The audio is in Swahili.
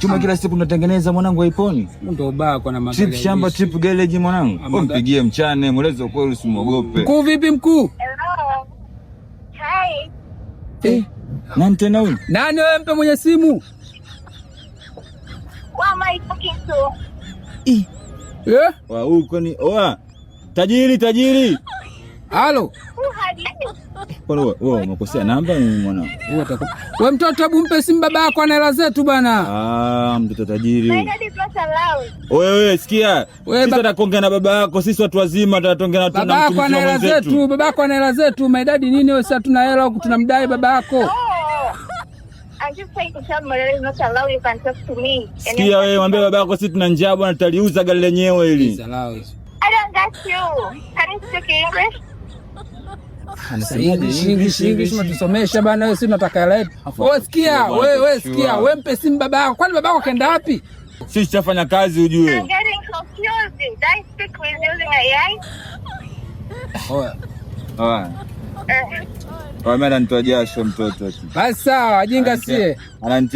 chuma kila siku natengeneza mwanangu, haiponi. Ndio kwa na magari. Trip shamba, trip garage mwanangu. Mpigie mchane, mweleze ukweli, usimwogope. Mkuu vipi mkuu? Hello. Hi. Eh, eh, nani tena huyu? Nani wewe mpe mwenye simu? Wa eh. huko ni oa. Tajiri, tajiri. Halo. Wewe umekosea namba mwana. Wewe Wewe mtoto, hebu mpe simu baba yako na hela zetu bwana. Ah, mtoto tajiri wewe. Wewe sikia. Sisi tutaongea na baba yako, sisi watu wazima tutaongea na baba yako na hela zetu. Baba yako na hela zetu. Maidadi nini wewe, sasa tuna hela huku tunamdai baba yako. Oh, oh. Sikia wewe, mwambie baba yako sisi tuna njaa bwana, tutaliuza gari lenyewe hili. I don't got you. Can you speak English? Tusomesha bana, wewe si unataka hela yetu? Sikia wewe, sikia wewe, mpe simu baba yako. Kwani baba yako kaenda wapi? Sisi kazi ujue. Uh-huh. Mimi ananitoa jasho mtoto. Basi sawa, sie